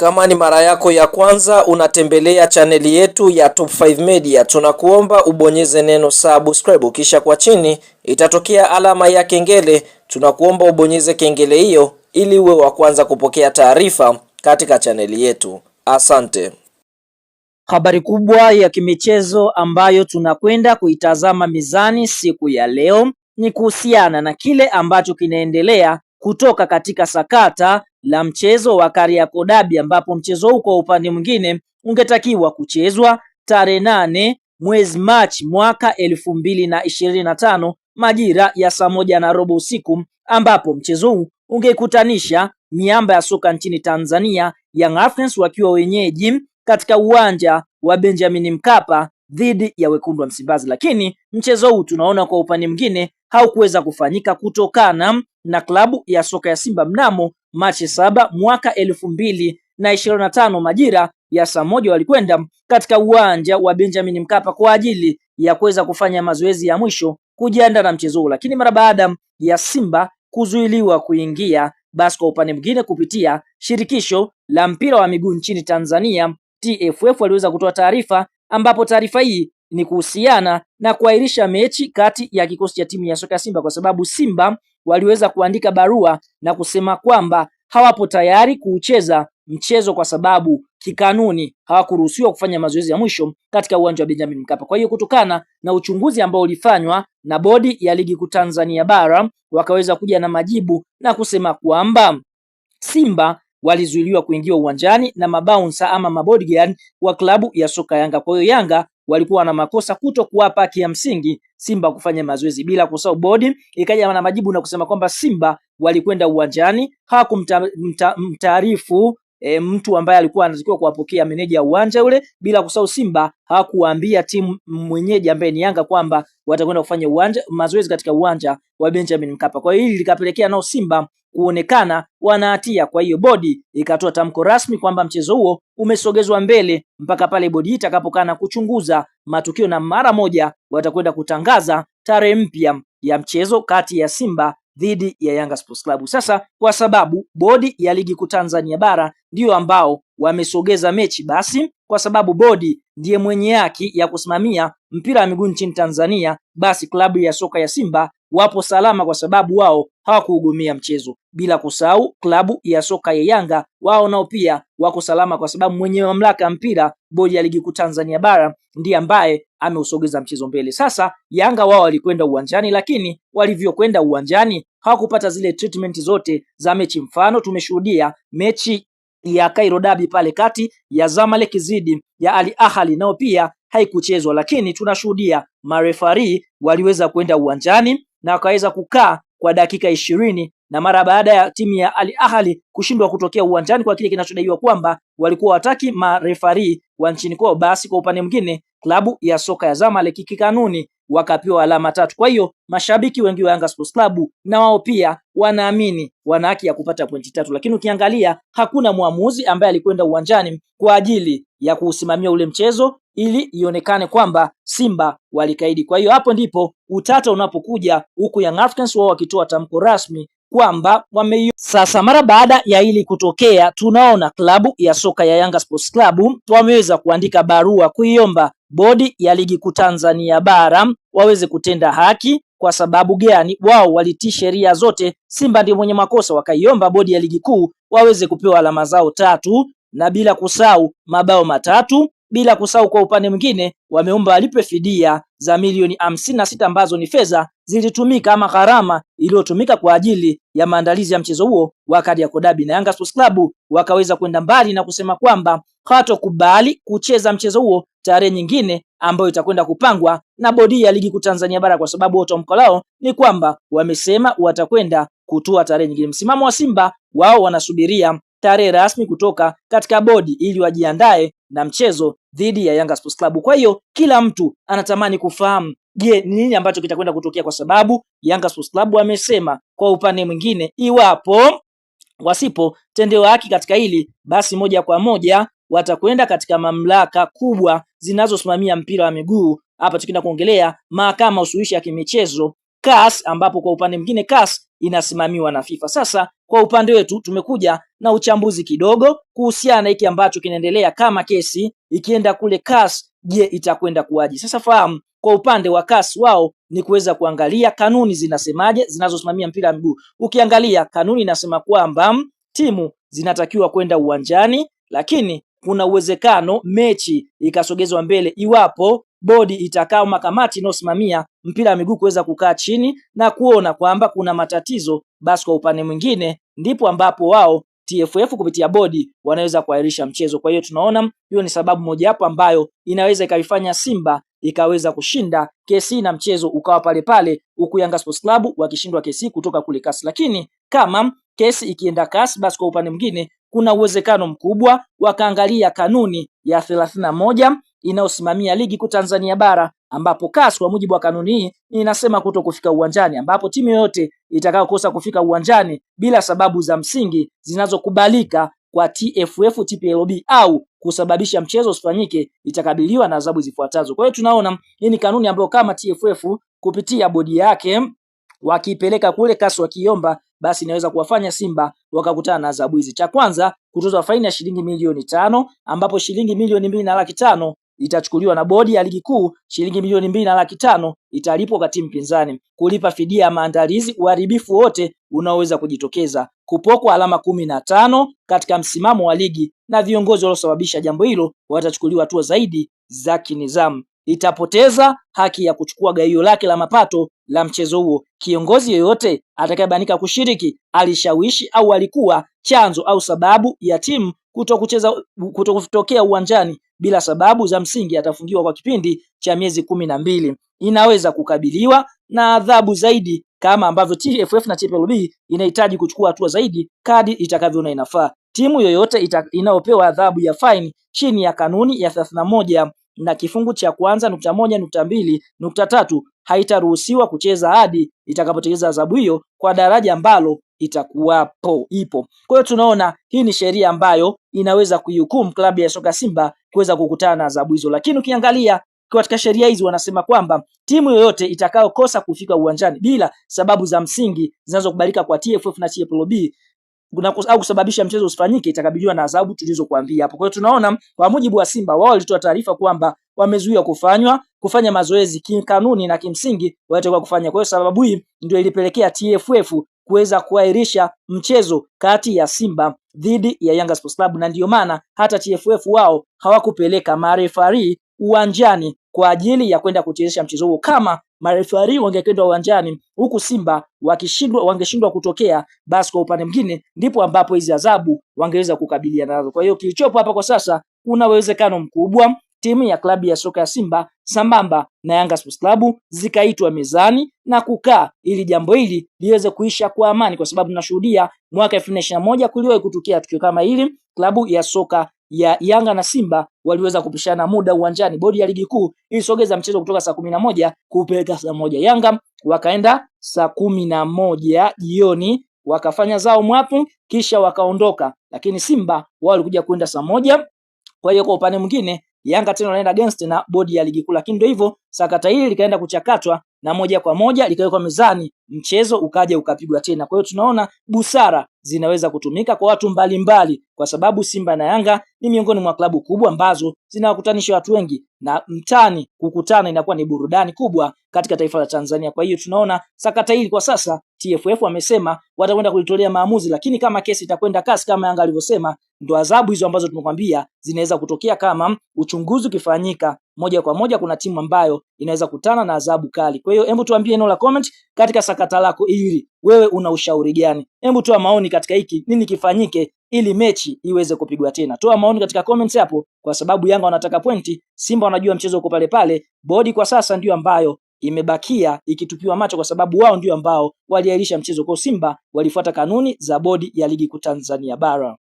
Kama ni mara yako ya kwanza unatembelea chaneli yetu ya Top 5 Media, tunakuomba ubonyeze neno subscribe, kisha kwa chini itatokea alama ya kengele. Tunakuomba ubonyeze kengele hiyo ili uwe wa kwanza kupokea taarifa katika chaneli yetu. Asante. Habari kubwa ya kimichezo ambayo tunakwenda kuitazama mezani siku ya leo ni kuhusiana na kile ambacho kinaendelea kutoka katika sakata la mchezo wa Kariakoo Derby ambapo mchezo huu kwa upande mwingine ungetakiwa kuchezwa tarehe nane mwezi Machi mwaka elfu mbili na ishirini na tano majira ya saa moja na robo usiku ambapo mchezo huu ungekutanisha miamba ya soka nchini Tanzania Young Africans wakiwa wenyeji katika uwanja wa Benjamin Mkapa dhidi ya wekundu wa Msimbazi, lakini mchezo huu tunaona kwa upande mwingine haukuweza kufanyika kutokana na klabu ya soka ya Simba mnamo Machi saba mwaka elfu mbili na ishirini na tano majira ya saa moja walikwenda katika uwanja wa Benjamin Mkapa kwa ajili ya kuweza kufanya mazoezi ya mwisho kujiandaa na mchezo lakini mara baada ya Simba kuzuiliwa kuingia, basi kwa upande mwingine kupitia shirikisho la mpira wa miguu nchini Tanzania TFF waliweza kutoa taarifa, ambapo taarifa hii ni kuhusiana na kuahirisha mechi kati ya kikosi cha timu ya soka ya Simba kwa sababu Simba waliweza kuandika barua na kusema kwamba hawapo tayari kuucheza mchezo kwa sababu kikanuni hawakuruhusiwa kufanya mazoezi ya mwisho katika uwanja wa Benjamin Mkapa. Kwa hiyo kutokana na uchunguzi ambao ulifanywa na bodi ya ligi kuu Tanzania bara wakaweza kuja na majibu na kusema kwamba Simba walizuiliwa kuingia uwanjani na mabaunsa ama mabodyguard wa klabu ya soka Yanga. Kwa hiyo Yanga walikuwa na makosa kuto kuwapa haki ya msingi Simba kufanya mazoezi. Bila kusahau bodi ikaja na majibu na kusema kwamba Simba walikwenda uwanjani hawakumtaarifu E, eh, mtu ambaye alikuwa anatakiwa kuwapokea meneja ya uwanja ule. Bila kusahau Simba hakuambia timu mwenyeji ambaye ni Yanga kwamba watakwenda kufanya uwanja mazoezi katika uwanja wa Benjamin Mkapa. Kwa hiyo hili likapelekea nao Simba kuonekana wana hatia. Kwa hiyo bodi ikatoa tamko rasmi kwamba mchezo huo umesogezwa mbele mpaka pale bodi hii itakapokana kuchunguza matukio na mara moja watakwenda kutangaza tarehe mpya ya mchezo kati ya Simba dhidi ya Yanga Sports Club. Sasa kwa sababu bodi ya ligi kuu Tanzania bara ndiyo ambao wamesogeza mechi, basi kwa sababu bodi ndiye mwenye haki ya kusimamia mpira wa miguu nchini Tanzania, basi klabu ya soka ya Simba wapo salama, kwa sababu wao hawakuhugumia mchezo bila kusahau klabu ya soka ya Yanga, wao nao pia wako salama, kwa sababu mwenye mamlaka ya mpira bodi ya ligi kuu Tanzania bara ndiye ambaye ameusogeza mchezo mbele. Sasa Yanga wao walikwenda uwanjani, lakini walivyokwenda uwanjani hawakupata zile treatment zote za mechi. Mfano, tumeshuhudia mechi ya Cairo Dabi pale kati ya Zamalek zidi ya Al Ahly nao pia haikuchezwa, lakini tunashuhudia marefari waliweza kwenda uwanjani na wakaweza kukaa kwa dakika ishirini na mara baada ya timu ya Al Ahly kushindwa kutokea uwanjani kwa kile kinachodaiwa kwamba walikuwa wataki marefari wa nchini kwao, basi kwa upande mwingine klabu ya soka ya Zamalek kikanuni wakapewa alama tatu. Kwa hiyo mashabiki wengi wa Yanga Sports Club na wao pia wanaamini wana haki ya kupata pointi tatu, lakini ukiangalia hakuna mwamuzi ambaye alikwenda uwanjani kwa ajili ya kuusimamia ule mchezo ili ionekane kwamba Simba walikaidi. Kwa hiyo hapo ndipo utata unapokuja, huku Young Africans wao wakitoa tamko rasmi kwamba wame. Sasa mara baada ya hili kutokea, tunaona klabu ya soka ya Yanga Sports Club wameweza kuandika barua kuiomba bodi ya ligi kuu Tanzania bara waweze kutenda haki. Kwa sababu gani? Wao walitii sheria zote, Simba ndio mwenye makosa, wakaiomba bodi ya ligi kuu waweze kupewa alama zao tatu na bila kusahau mabao matatu bila kusahau kwa upande mwingine wameomba alipe fidia za milioni hamsini na sita ambazo ni fedha zilitumika ama gharama iliyotumika kwa ajili ya maandalizi ya mchezo huo wa Kariakoo Derby, na Yanga Sports Club wakaweza kwenda mbali na kusema kwamba hawatokubali kucheza mchezo huo tarehe nyingine ambayo itakwenda kupangwa na bodi ya ligi kuu Tanzania bara, kwa sababu wao tamko lao ni kwamba wamesema watakwenda kutoa tarehe nyingine. Msimamo wa Simba wao wanasubiria tarehe rasmi kutoka katika bodi ili wajiandae na mchezo dhidi ya Yanga Sports Club. Kwa hiyo kila mtu anatamani kufahamu, je, ni nini ambacho kitakwenda kutokea, kwa sababu Yanga Sports Club wamesema kwa upande mwingine, iwapo wasipotendewa haki katika hili, basi moja kwa moja watakwenda katika mamlaka kubwa zinazosimamia mpira wa miguu hapa, tukienda kuongelea mahakama usuluhishi ya kimichezo CAS ambapo kwa upande mwingine CAS inasimamiwa na FIFA. Sasa kwa upande wetu tumekuja na uchambuzi kidogo kuhusiana na hiki ambacho kinaendelea. Kama kesi ikienda kule CAS, je, itakwenda kuwaje? Sasa fahamu kwa upande wa CAS wao ni kuweza kuangalia kanuni zinasemaje zinazosimamia mpira wa miguu. Ukiangalia kanuni inasema kwamba timu zinatakiwa kwenda uwanjani, lakini kuna uwezekano mechi ikasogezwa mbele iwapo bodi itakaa makamati inayosimamia mpira wa miguu kuweza kukaa chini na kuona kwamba kuna matatizo, basi kwa upande mwingine ndipo ambapo wao TFF kupitia bodi wanaweza kuahirisha mchezo. Kwa hiyo tunaona hiyo ni sababu hapo ambayo inaweza ikaifanya Simba ikaweza kushinda KC na mchezo ukawa pale pale, huku Yanga Sports Club wakishindwa KC kutoka kule kasi Lakini kama kesi ikienda kasi basi kwa upande mwingine kuna uwezekano mkubwa wakaangalia kanuni ya thelathini na moja inayosimamia ligi kuu Tanzania bara ambapo CAS kwa mujibu wa kanuni hii inasema kuto kufika uwanjani, ambapo timu yoyote itakayokosa kufika uwanjani bila sababu za msingi zinazokubalika kwa TFF TPLB au kusababisha mchezo usifanyike itakabiliwa na adhabu zifuatazo. Kwa hiyo tunaona hii ni kanuni ambayo kama TFF kupitia bodi yake wakiipeleka kule CAS wakiomba basi inaweza kuwafanya Simba wakakutana na adhabu hizi. Cha kwanza kutozwa faini ya shilingi milioni tano ambapo shilingi milioni mbili na laki tano itachukuliwa na bodi ya ligi kuu, shilingi milioni mbili na laki tano italipwa kwa timu pinzani, kulipa fidia ya maandalizi, uharibifu wote unaoweza kujitokeza, kupokwa alama kumi na tano katika msimamo wa ligi, na viongozi waliosababisha jambo hilo watachukuliwa hatua zaidi za kinizamu. Itapoteza haki ya kuchukua gaio lake la mapato la mchezo huo. Kiongozi yoyote atakayebanika kushiriki alishawishi au alikuwa chanzo au sababu ya timu kuto kutokea uwanjani bila sababu za msingi atafungiwa kwa kipindi cha miezi kumi na mbili. Inaweza kukabiliwa na adhabu zaidi kama ambavyo TFF na TPLB inahitaji kuchukua hatua zaidi kadi itakavyoona inafaa. Timu yoyote ita, inayopewa adhabu ya faini chini ya kanuni ya thelathini na moja na kifungu cha kwanza nukta moja nukta mbili nukta tatu haitaruhusiwa kucheza hadi itakapotekeleza adhabu hiyo kwa daraja ambalo itakuwapo ipo. Kwa hiyo tunaona hii ni sheria ambayo inaweza kuihukumu klabu ya soka Simba kuweza kukutana na adhabu hizo, lakini ukiangalia katika sheria hizi wanasema kwamba timu yoyote itakayokosa kufika uwanjani bila sababu za msingi zinazokubalika kwa TFF na TPLB au kusababisha mchezo usifanyike itakabiliwa na adhabu tulizokuambia hapo. Kwa hiyo tunaona kwa mujibu wa Simba, wao walitoa taarifa kwamba wamezuia kufanywa kufanya mazoezi kikanuni na kimsingi walitakiwa kufanya. Kwa hiyo sababu hii ndio ilipelekea TFF kuweza kuahirisha mchezo kati ya Simba dhidi ya Yanga Sports Club, na ndiyo maana hata TFF wao hawakupeleka marefari uwanjani kwa ajili ya kwenda kuchezesha mchezo huo. Kama marefari wangekwenda uwanjani huku Simba wakishindwa wangeshindwa kutokea, basi kwa upande mwingine ndipo ambapo hizi adhabu wangeweza kukabiliana nazo. Kwa hiyo kilichopo hapa kwa sasa, kuna uwezekano mkubwa timu ya klabu ya soka ya Simba sambamba na Yanga Sports Club zikaitwa mezani na kukaa ili jambo hili liweze kuisha kwa amani, kwa sababu tunashuhudia mwaka elfu mbili na ishirini na moja kuliwahi kutukia tukio kama hili, klabu ya soka ya Yanga na Simba waliweza kupishana muda uwanjani. Bodi ya ligi kuu ilisogeza mchezo kutoka saa kumi na moja kupeleka saa moja. Yanga wakaenda saa kumi na moja jioni wakafanya zao mwapu kisha wakaondoka, lakini Simba wao walikuja kwenda saa moja. Kwa hiyo kwa upande mwingine Yanga tena wanaenda against na bodi ya ligi kuu, lakini ndio hivyo, sakata hili likaenda kuchakatwa na moja kwa moja likawekwa mezani, mchezo ukaja ukapigwa tena. Kwa hiyo tunaona busara zinaweza kutumika kwa watu mbalimbali mbali, kwa sababu Simba na Yanga ni miongoni mwa klabu kubwa ambazo zinawakutanisha watu wengi, na mtani kukutana inakuwa ni burudani kubwa katika taifa la Tanzania. Kwa hiyo tunaona sakata hili kwa sasa TFF wamesema watakwenda kulitolea maamuzi, lakini kama kesi itakwenda kasi kama Yanga alivyosema, ndo adhabu hizo ambazo tumekwambia zinaweza kutokea kama uchunguzi ukifanyika moja kwa moja kuna timu ambayo inaweza kutana na adhabu kali. Kwa hiyo hebu tuambie eneo la comment katika sakata lako hili, wewe una ushauri gani? Hebu toa maoni katika hiki, nini kifanyike ili mechi iweze kupigwa tena? Toa maoni katika comments hapo, kwa sababu Yanga wanataka pointi, Simba wanajua mchezo uko pale pale. Bodi kwa sasa ndio ambayo imebakia ikitupiwa macho kwa sababu wao ndio ambao waliahirisha mchezo. Kwa Simba walifuata kanuni za bodi ya ligi kuu Tanzania bara.